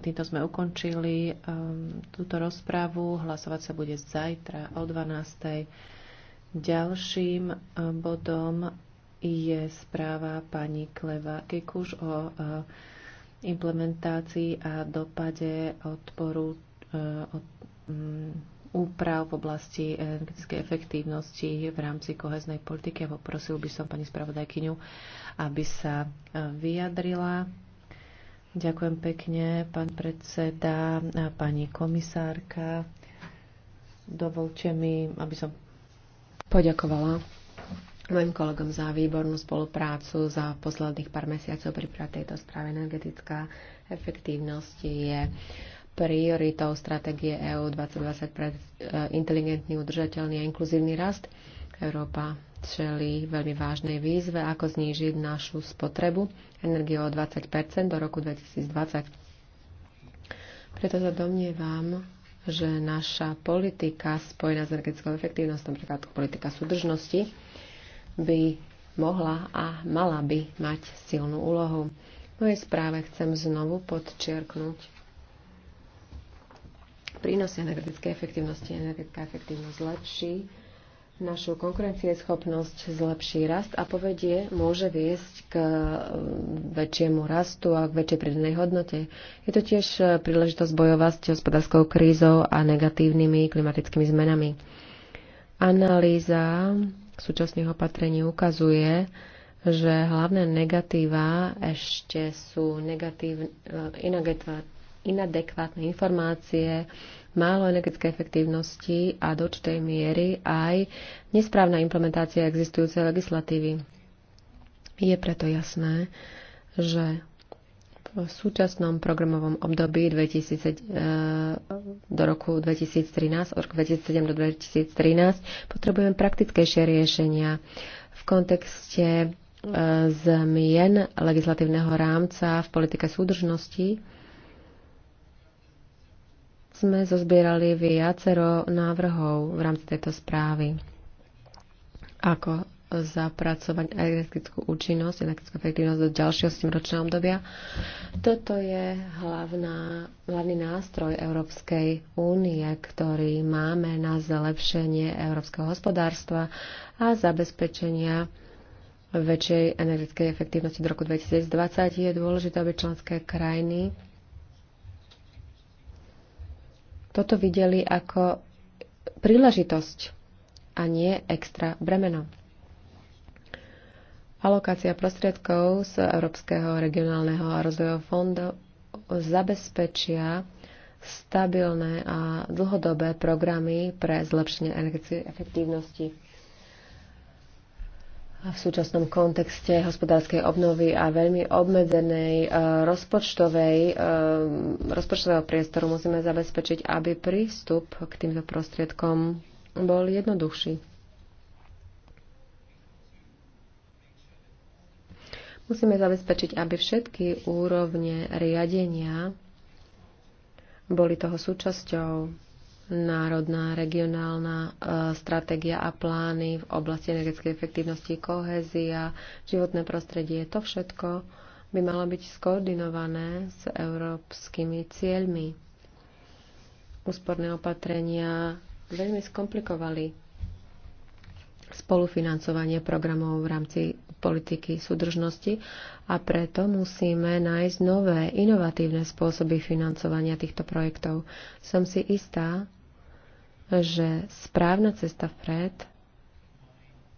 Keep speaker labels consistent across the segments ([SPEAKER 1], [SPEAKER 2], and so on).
[SPEAKER 1] Týmto sme ukončili um, túto rozpravu. Hlasovať sa bude zajtra o 12. Ďalším um, bodom je správa pani Kleva Kekuš o uh, implementácii a dopade odporu uh, od, um, úprav v oblasti energetickej efektívnosti v rámci koheznej politiky. poprosil by som pani spravodajkyňu,
[SPEAKER 2] aby sa vyjadrila. Ďakujem pekne, pán predseda, a pani komisárka. Dovolte
[SPEAKER 1] mi, aby som poďakovala mojim kolegom za výbornú spoluprácu za posledných pár mesiacov pri tejto správe energetická efektívnosť je prioritou stratégie EU 2020 pre e, inteligentný, udržateľný a inkluzívny rast. Európa čeli veľmi vážnej výzve, ako znížiť našu spotrebu energie o 20 do roku 2020. Preto sa domnievam, že naša politika spojená s energetickou efektívnosťou, napríklad politika súdržnosti, by mohla a mala by mať silnú úlohu. V mojej správe chcem znovu podčiarknúť prínos energetickej efektivnosti. Energetická efektívnosť lepší našu konkurencieschopnosť, zlepší rast a povedie môže viesť k e, väčšiemu rastu a k väčšej pridanej hodnote. Je to tiež e, príležitosť bojovať s hospodárskou krízou a negatívnymi klimatickými zmenami. Analýza súčasných opatrení ukazuje, že hlavné negatíva ešte sú negatív, e, inadekvátne informácie, málo energetické efektívnosti a do určitej miery aj nesprávna implementácia existujúcej legislatívy. Je preto jasné, že v súčasnom programovom období 2000, e, do roku 2013, od roku 2007 do 2013, potrebujeme praktickejšie riešenia v kontekste e, zmien legislatívneho rámca v politike súdržnosti sme zozbierali viacero návrhov v rámci tejto správy, ako zapracovať energetickú účinnosť, energetickú efektivnosť do ďalšieho 7 ročného obdobia. Toto je hlavná, hlavný nástroj Európskej únie, ktorý máme na zlepšenie európskeho hospodárstva a zabezpečenia väčšej energetickej efektivnosti do roku 2020. Je dôležité, aby členské krajiny toto videli ako príležitosť a nie extra bremeno. Alokácia prostriedkov z Európskeho regionálneho a rozvojového fondu zabezpečia stabilné a dlhodobé programy pre zlepšenie energetickej efektívnosti v súčasnom kontexte hospodárskej obnovy a veľmi obmedzenej e, rozpočtovej, e, rozpočtového priestoru musíme zabezpečiť, aby prístup k týmto prostriedkom bol jednoduchší. Musíme zabezpečiť, aby všetky úrovne riadenia boli toho súčasťou národná, regionálna e, stratégia a plány v oblasti energetickej efektívnosti, kohézia, životné prostredie, to všetko by malo byť skoordinované s európskymi cieľmi. Úsporné opatrenia veľmi skomplikovali spolufinancovanie programov v rámci politiky súdržnosti a preto musíme nájsť nové, inovatívne spôsoby financovania týchto projektov. Som si istá, že správna cesta vpred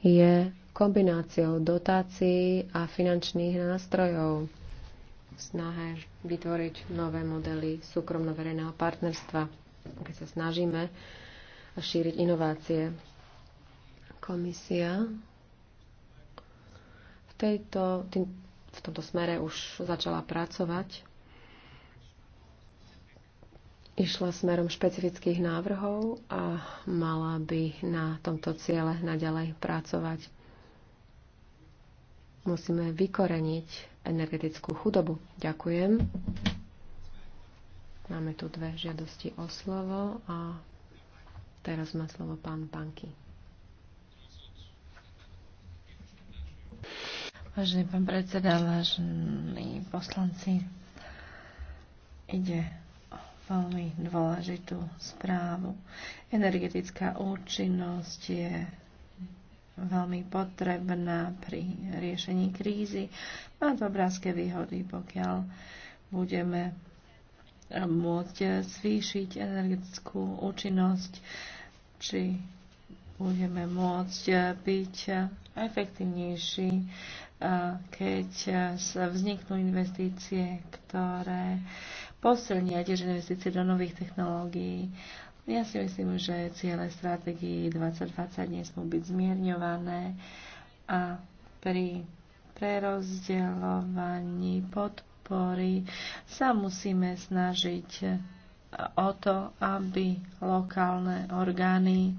[SPEAKER 1] je kombináciou dotácií a finančných nástrojov v snahe vytvoriť nové modely súkromno-verejného partnerstva, keď sa snažíme šíriť inovácie. Komisia v, tejto, v tomto smere už začala pracovať išla smerom špecifických návrhov a mala by na tomto ciele naďalej pracovať. Musíme vykoreniť energetickú chudobu. Ďakujem. Máme tu dve žiadosti o slovo a teraz má slovo pán
[SPEAKER 2] Panky. Vážený pán predseda, vážení poslanci, ide veľmi dôležitú správu. Energetická účinnosť je veľmi potrebná pri riešení krízy. Má to obrázke výhody, pokiaľ budeme môcť zvýšiť energetickú účinnosť, či budeme môcť byť efektívnejší, keď vzniknú investície, ktoré posilnia tiež investície do nových technológií. Ja si myslím, že ciele stratégie 2020 nesmú byť zmierňované a pri prerozdeľovaní podpory sa musíme snažiť o to, aby lokálne orgány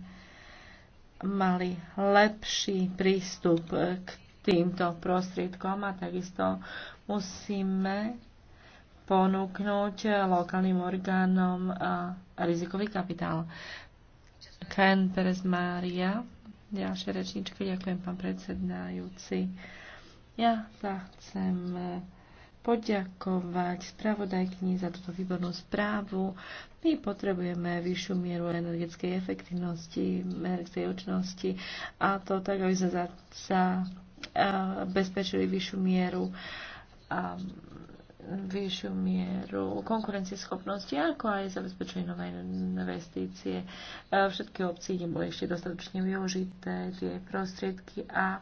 [SPEAKER 2] mali lepší prístup k týmto prostriedkom a takisto musíme ponúknuť lokálnym orgánom rizikový kapitál. Ken Perez Maria, ďalšia rečnička, ďakujem pán predsedajúci. Ja sa chcem poďakovať spravodajkni za túto výbornú správu. My potrebujeme vyššiu mieru energetickej efektivnosti, energetickej účinnosti a to tak, aby sme za, za bezpečili vyššiu mieru a vyššiu mieru konkurencieschopnosti, ako aj zabezpečenie nové investície. E, všetky obci neboli ešte dostatočne využité, tie prostriedky a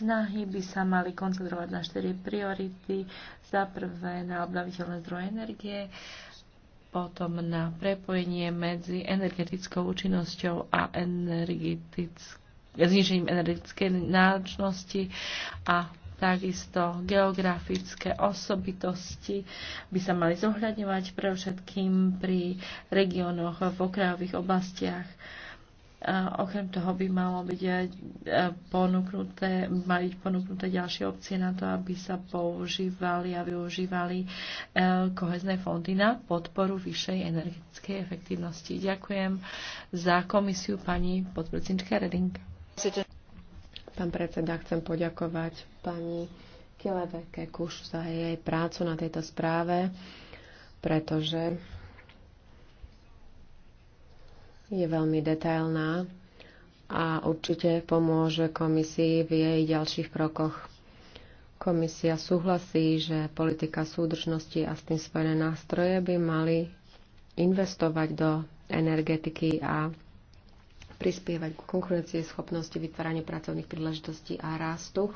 [SPEAKER 2] snahy by sa mali koncentrovať na štyri priority. Za prvé na obnoviteľné zdroje energie, potom na prepojenie medzi energetickou účinnosťou a energetickou znižením energetickej náročnosti a Takisto geografické osobitosti by sa mali zohľadňovať pre všetkým pri regiónoch v okrajových oblastiach. A okrem toho by malo byť e, ponúknuté, mali byť ponúknuté ďalšie opcie na to, aby sa používali a využívali e, kohezné fondy na podporu vyššej energetickej efektívnosti. Ďakujem za komisiu pani podpredsednička Reding. Pán predseda, chcem poďakovať pani
[SPEAKER 1] Kileve Kekuš za jej prácu na tejto správe, pretože je veľmi detailná a určite pomôže komisii v jej ďalších krokoch. Komisia súhlasí, že politika súdržnosti a s tým spojené nástroje by mali investovať do energetiky a prispievať k konkurencie schopnosti vytvárania pracovných príležitostí a rastu.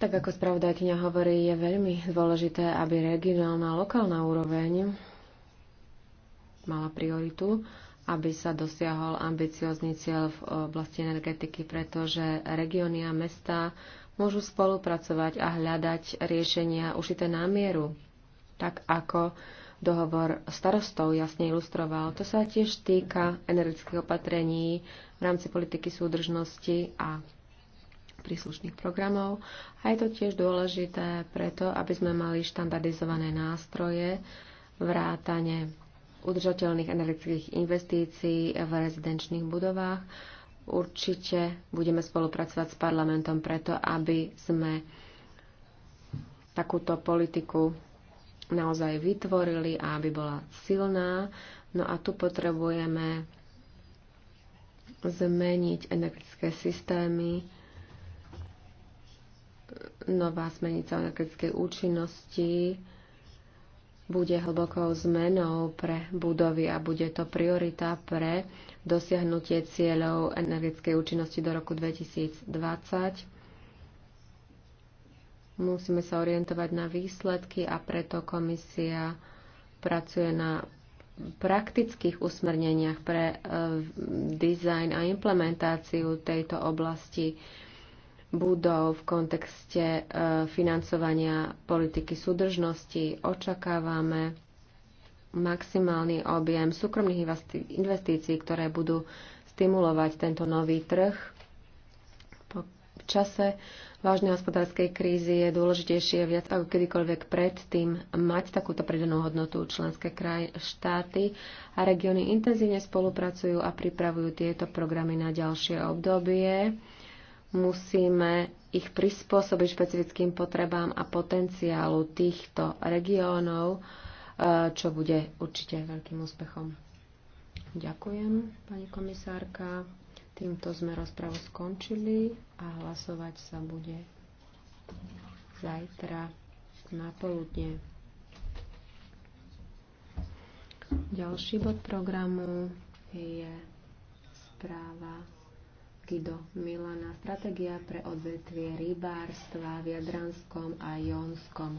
[SPEAKER 1] Tak ako spravodajkyňa hovorí, je veľmi dôležité, aby regionálna a lokálna úroveň mala prioritu, aby sa dosiahol ambiciózny cieľ v oblasti energetiky, pretože regióny a mesta môžu spolupracovať a hľadať riešenia ušité na mieru, tak ako dohovor starostov jasne ilustroval. To sa tiež týka energetických opatrení v rámci politiky súdržnosti a príslušných programov. A je to tiež dôležité preto, aby sme mali štandardizované nástroje vrátane udržateľných energetických investícií v rezidenčných budovách. Určite budeme spolupracovať s parlamentom preto, aby sme takúto politiku naozaj vytvorili a aby bola silná. No a tu potrebujeme zmeniť energetické systémy, nová zmenica energetickej účinnosti bude hlbokou zmenou pre budovy a bude to priorita pre dosiahnutie cieľov energetickej účinnosti do roku 2020 Musíme sa orientovať na výsledky a preto komisia pracuje na praktických usmerneniach pre e, dizajn a implementáciu tejto oblasti budov v kontekste e, financovania politiky súdržnosti. Očakávame maximálny objem súkromných investícií, ktoré budú stimulovať tento nový trh v čase vážnej hospodárskej krízy je dôležitejšie viac ako kedykoľvek predtým mať takúto pridanú hodnotu. Členské kraj, štáty a regióny intenzívne spolupracujú a pripravujú tieto programy na ďalšie obdobie. Musíme ich prispôsobiť špecifickým potrebám a potenciálu týchto regiónov, e, čo bude určite veľkým úspechom. Ďakujem, pani komisárka. Týmto sme rozpravu skončili a hlasovať sa bude zajtra na poludne. Ďalší bod programu je správa Kido Milana Stratégia pre odvetvie rybárstva v Jadranskom a Jonskom